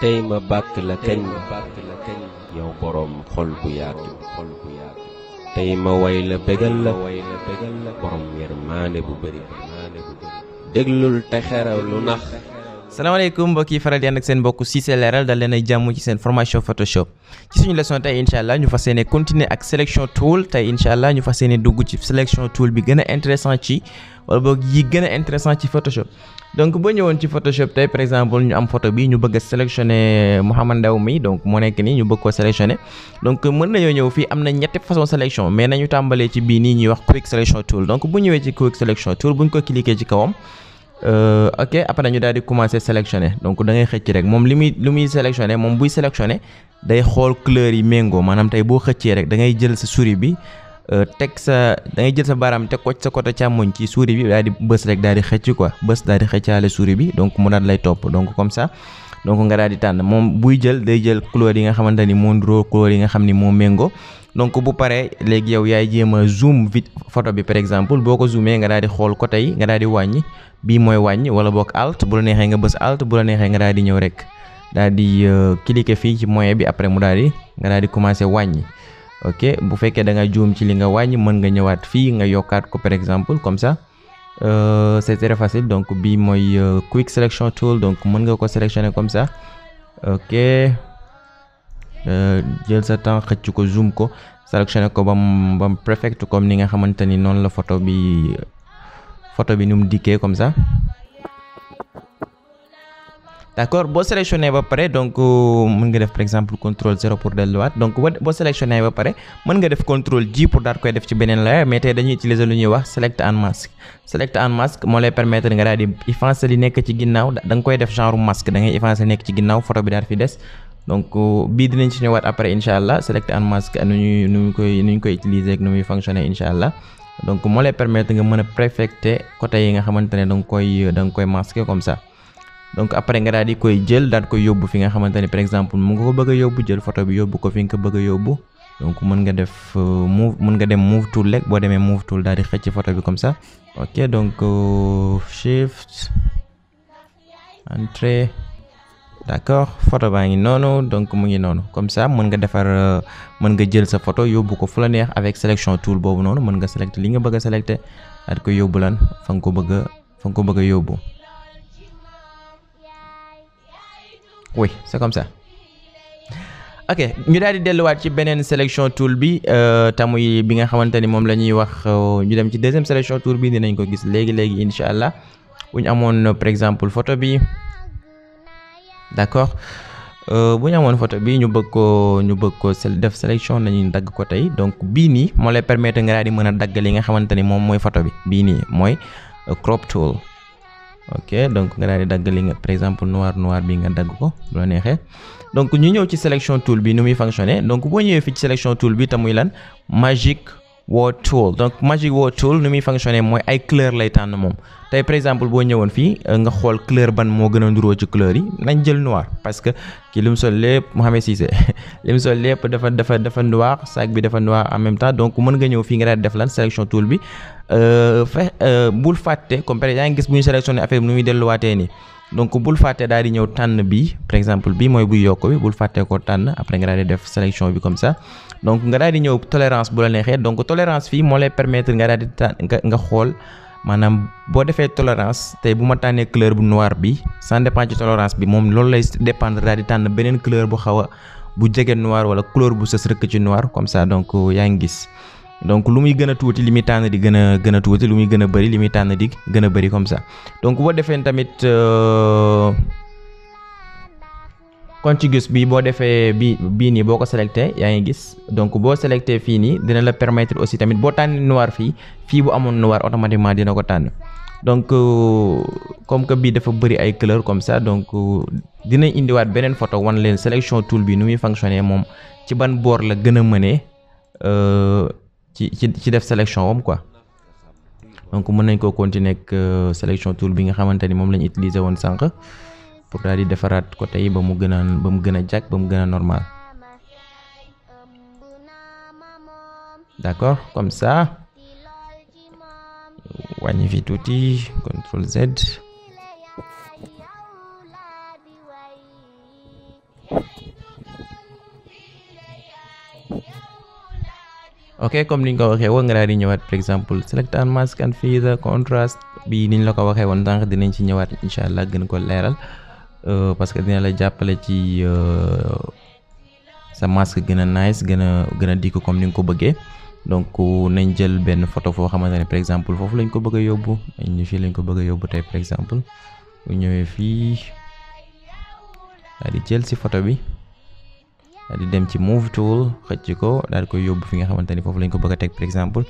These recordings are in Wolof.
tey ma bàkk la kañ yow boroom xol bu yaatu xol tey ma way la bégal la boroom bu bëri déglul te xeral lu nax salaamaaleykum mbokk yi faral di ànd ak seen mbokk Cissé Leral dal leen ay jàmm ci seen formation photoshop ci suñu leçon tey incha allah ñu fas yéene continuer ak selection tool tey incha allah ñu fas yéene dugg ci selection tool bi gën a intéressant ci wala boog yi gën intéressant ci photoshop donc boo ñëwoon ci photoshop tey par exemple ñu am photo bi ñu bëgg a sélectionner Ndaw mi donc moo nekk nii ñu bëgg koo sélectionner donc mën nañoo ñëw fii am na ñetti façon sélection mais nañu tàmbalee bii nii ñuy wax quick selection tool donc bu ñëwee ci quick selection tool Euh, ok après ñu daal di commencer sélectionner donc da xëcc rek moom li muy li muy sélectionner moom buy sélectionner day xool couleur yi méngoo maanaam tey boo xëccee rek da ngay jël sa souris bi euh, teg sa da jël sa baaraam teg ko sa côté càmmoñ ci souris bi daal di bës rek daal di xëcc ko bës daal di xëccaale souris bi donc mu daal lay topp donc comme ça. donc nga daal di tànn moom buy jël day jël couleur yi nga xamante ni moo niroo couleur yi nga xam ni moo méngoo donc bu paree léegi yow yaay jéem a zoom vite photo bi par exemple boo ko zoomee nga daal di xool ko tey nga daal di wàññi bii mooy wàññi wala boog alt bu la neexee nga bës alt bu la neexee nga daal di ñëw rek daal di euh, cliquer fii ci moyen bi après mu daal di nga daal di commencer wàññi ok bu fekkee da nga juum ci li nga wàññi mën nga ñëwaat fii nga yokkaat ko par exemple comme ça Euh, c'est très facile donc bi euh, quick selection tool donc mën nga ko sélectionner comme ça ok euh, jël sa temps xëcc ko zoom ko sélectionner ko bam bam perfect comme ni nga pas ni la photo bi photo bi nu comme ça D'accord boo sélectionné ba pare donc euh, mën nga def par exemple contrôle 0 pour delluwaat donc boo sélectionné ba pare mën nga def contrôle J pour daal koy def ci beneen layer mais tey dañuy utiliser lu ñuy wax select and mask select and mask moo lay permettre nga daal di effacer li nekk ci ginnaaw da nga koy def genre mask da ngay effacer nekk ci ginnaaw photo bi daal fi des donc euh, bii dinañ ci ñëwaat après incha select and mask nu ñuy nu ñu koy nu ñu koy utiliser ak nu muy fonctionner incha allah donc moo lay permettre nga mën a préfecter côté yi nga xamante ne koy da koy masquer comme ça donc après nga daal di koy jël daal koy yóbbu fi nga xamante ne par exemple mu nga ko bëgg yóbbu jël photo bi yóbbu ko fi nga ko bëgg a yóbbu donc mën nga def euh, move mën nga dem move tool rek boo demee move tool daal di xëcc photo bi comme ça ok donc euh, shift entrée d'accord photo baa ngi noonu donc mu ngi noonu comme ça mën nga defar euh, mën nga jël sa photo yóbbu ko fu la neex avec sélection tool boobu noonu mën nga sélecté li nga bëgg a sélecté yóbbu lan fa nga ko bëgg a ko bëgg a yóbbu oui c'est comme ça ok ñu daal di delluwaat ci beneen sélection tool bi eh, te muy bi nga xamante ni moom la ñuy wax ñu eh, dem ci deuxième sélection tool bi dinañ ko gis léegi léegi incha allah bu ñu amoon par eh, exemple photo bi d' accord bu ñu amoon photo bi ñu bëgg ko ñu bëgg ko def sélection nañu dagg ko tey donc bii nii moo lay permettre nga daal di mën li nga xamante ni moom photo bi bii nii mooy crop tool ok donc nga daal di dagg li nga par exemple noir noir bi nga dagg ko bu la neexee donc ñu ñëw ci selection tool bi nu muy fonctionner donc boo ñëwee fii ci selection tool bi te muy lan magic woo tool donc magic woo tool ni muy fonctionner mooy ay couleur lay tànn moom tey par exemple boo ñëwoon fii euh, nga xool couleur ban moo gën a nduroo ci couleur yi nañ jël noir parce que kii li mu sol lépp Mouhamed Cissé li mu sol lépp dafa dafa dafa noir sac bi dafa noir en même temps donc mën nga ñëw fii nga daal def lan sélection tool bi euh, fe euh, bul fàtte comme par yaa ngi gis bu ñu sélectionné affaire bi nu muy delluwaatee nii donc bul faté daal di tan bi par exemple bi moy bu yokk bi bul faté ko tan après nga daal di def sélection bi comme ça donc nga daal di tolérance bu la nexé donc tolérance fi mo lay permettre nga daal di tànn nga xol manam bo défé tolérance tay bu ma tané couleur bu noir bi sans dépend ci tolérance bi mom lool lay dépendre di tànn couleur bu xawa bu jege noir wala couleur bu sës ci noir comme ça donc yaa gis donc lu muy gën a tuuti li muy tànn di gën a gën a tuuti lu muy gën bëri li muy tànn di gën a bëri comme sax donc boo defee tamit euh, contiguous bi boo defee bi bii nii boo ko sélecté yaa ngi gis donc boo sélecté fii nii dina la permettre aussi tamit boo tànn noir fii fii bu amoon noir automatiquement dina ko tànn donc euh, comme que bii dafa bëri ay couleur comme sax donc euh, dina indiwaat beneen photo wan leen sélection tool bii nu muy fonctionner moom ci ban boor la gën a mënee ci ci ci def sélection wam quoi donc mën nañ koo continuer ak euh, sélection tool bi nga xamante ni moom lañ utiliser woon sànq pour daal di defaraat ko yi ba mu gën a ba mu gën a jàkk ba mu gën a normal d'accord comme ça wàññi fi tuuti contrôle Z ok comme ni ko waxee woon nga di ñëwaat par exemple select and mask and feather contrast bi ni ñu la ko waxee woon tànk dinañ ci ñëwaat incha allah gën ko leeral parce que dina la ci sa masque nice gën a diko a dikk comme ni ko bëggee donc nañ jël benn photo foo xamante ne par exemple foofu lañ ko bëgg a yóbbu ñu fi lañ ko bëgg a yóbbu par exemple bu ñëwee fii daal di jël photo bi di dem ci move tool xëcc ko daal di koy yóbbu fi nga xamante ni foofu lañ ko bëgg a teg par exemple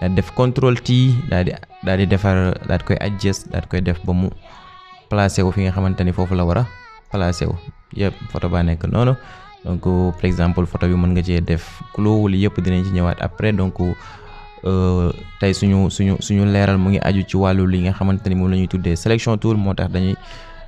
daal def control T daal di di defar daal koy adjust daal di koy def ba mu placé wu fi nga xamante ni foofu la war a placé wu yëpp photo baa nekk noonu donc par exemple photo bi mën nga cee def couleur yëpp dinañ ci ñëwaat après donc euh, tey suñu suñu suñu leeral mu ngi aju ci wàllu li nga xamante ni moom la ñuy tuddee selection tool moo tax dañuy.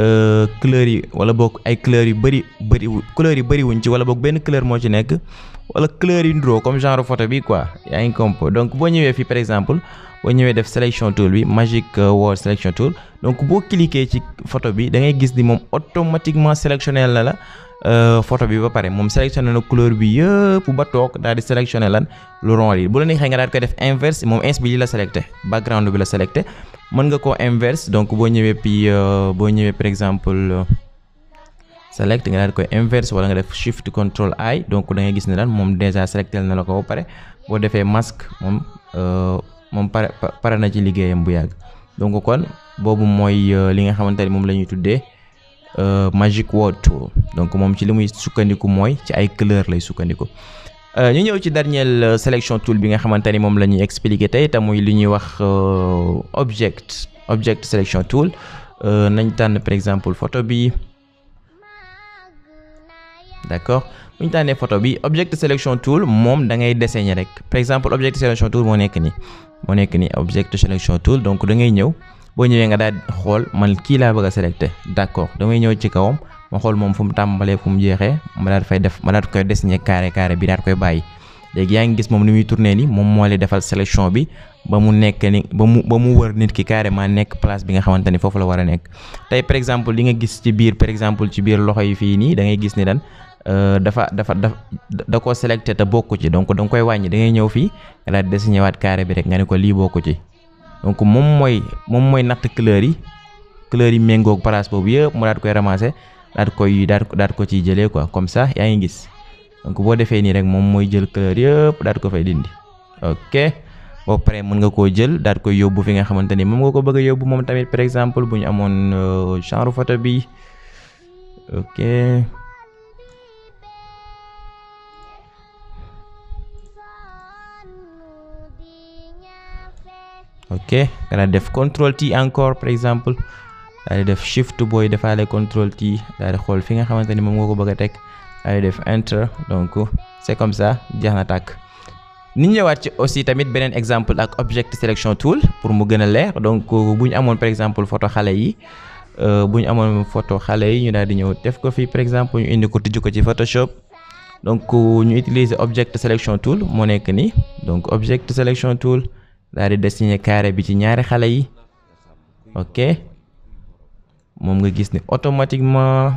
Euh, couleur yi wala boog ay couleur yu bëri bëri couleur yu bëri wuñ ci wala boog benn couleur moo ci nekk wala couleur yu nduroo comme genre photo bi quoi yaa ngi compo donc boo ñëwee fii par exemple boo ñëwee def tool bi magic euh, word selection tool donc boo cliquer ci photo bi da ngay gis ni moom automatiquement sélectionné na la euh, photo bi ba pare moom sélectionné na couleur bi yëpp ba toog daal di sélectionné lan lu rond yi bu la neexee nga daal di koy def inverse moom ins bi li la selecté background bi la selecté mën nga koo inverse donc boo ñëwee puis euh, boo ñëwee par exemple euh, select nga daal koy inverse wala nga def shift control I donc da gis ne daal moom déjà selectel na la ko ba pare boo defee masque moom euh, moom pare pare na ci liggéeyam bu yàgg donc kon boobu mooy li nga xamante ne moom la ñuy tuddee magic word tool donc moom ci li muy sukkandiku mooy ci ay couleur lay sukkandiku. Euh, ñu ñëw ci dernière euh, selection tool bi nga xamante ni moom la ñuy expliquer tey te muy li ñuy wax euh, object object selection tool nañ tànn par exemple photo bi d'accord bu ñu tànnee photo bi object selection tool moom da ngay dessiner rek par exemple object selection tool moo nekk nii moo nekk nii object selection tool donc da ngay ñëw boo ñëwee nga daal xool man kii laa bëgg a sélecté da ngay ñëw ci kawam. ma xool moom fu mu tàmbalee fu mu jeexee ma daal fay def ma daal koy dessiné carré carré bi daal koy gis moom ni muy tourné ni moom moo lay defal sélection bi ba mu nekk ni ba mu ba mu wër nit ki carrément nekk place bi nga xamante ni la war nekk tey par exemple li nga gis ci biir par exemple ci biir loxo yi fii da ngay gis ni dan euh, dafa dafa da da koo sélecté te bokku ci donc da nga koy wàññi da ngay ñëw fii nga daal dessiné waat carré bi rek nga ne ko lii bokku ci donc moom mooy moom mooy natt couleur yi couleur yi méngoog place boobu yëpp mu daal koy daal koy dar dar ko ci jëlee quoi comme ça yaa ngi gis donc boo defee nii rek moom mooy jël couleur yëpp daal ko fay dindi ok boo paree mën nga koo jël daal koy yóbbu fi nga xamante ni moom nga ko bëgg tamit par exemple euh, genre photo bi ok ok def control t encore per exemple daal di def shift booy defaa contrôle T daal di xool fi nga xamante ni moom nga ko bëgg teg daal di def enter donc c'est comme ça jeex na tàkk. ni ñu ñëwaat ci aussi tamit beneen exemple ak object selection tool pour mu gën a leer donc bu ñu amoon par exemple photo xale yi euh, bu ñu amoon photo xale yi ñu daal di ñëw def ko fii par exemple ñu indi ko tijju ko ci Photoshop donc ñu utiliser object selection tool moo nekk nii donc object selection tool daal di dessiner carré bi ci ñaari xale yi moom nga gis ni automatiquement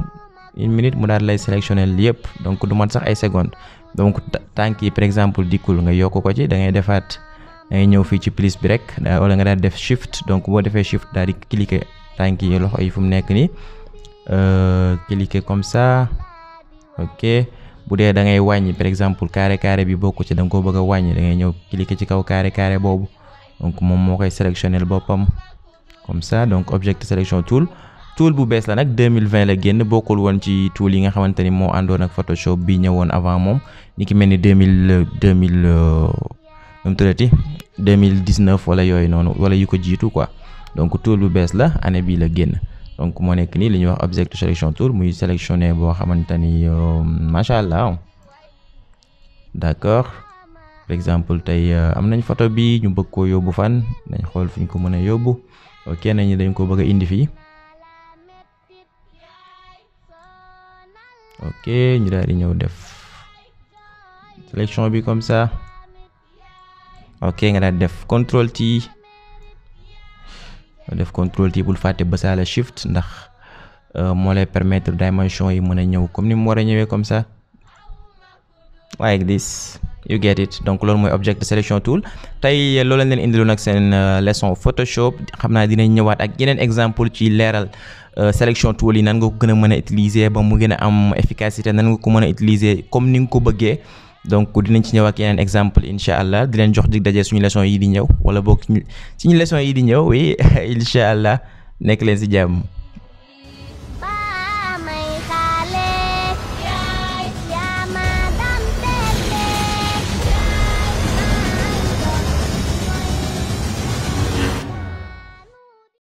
une minute mu daal lay sélectionné yëpp donc du mat sax ay secondes donc tànk yi par exemple dikkul nga yokk ko ci da ngay defaat da ngay ñëw fii ci plus bi rek wala nga daal def shift donc boo defee shift daal di cliquer tànk yi loxo yi fu mu nekk nii euh, cliquer comme sa ok bu dee da ngay wàññi par exemple carré carré bi bokku ci da nga ko bëgg a wàññi da ngay ñëw cliquer ci kaw carré carré boobu donc moom moo koy sélectionné boppam comme ça donc object selection tool. tool bu bees la nak 2020 la génn bokul won ci tool yi nga xamante mo moo ak Photoshop bi ñëwoon avant mom ni ki 2000 2000 euh, nu mu 2019 wala yoy non, wala yu ko quoi donc tool bu bees la année bi la génn donc mo nek ni li ñuy wax object selection tool muy sélectionner bo xamante ni euh, d'accord par exemple tay euh, am nañ photo bi ñu bëgg ko yóbbu fan nañ xol fuñ ko mën a yóbbu ok nañu dañ ko bëgg indi fi ok ñu daal di ñëw def sélection bi comme ça ok nga daal def control t def control t bul fàtte basaale shift ndax eh, moo lay permettre dimension yi mën a ñëw comme ni mu war a comme ça like this you get it donc loolu mooy object selection tool tey loolu lañ leen indiloon ak seen euh, leçon Photoshop xam naa dinañ ñëwaat ak yeneen exemple ci leeral euh, selection tool yi nan nga ko gën a mën a utiliser ba mu gën a am efficacité nan nga ko mën a utiliser comme ni nga ko bëggee donc dinañ ci ñëw ak yeneen exemple incha allah di leen jox di daje suñu lesson yi di ñëw wala boog suñu lesson yi di ñëw oui incha allah nekk leen si jàmm.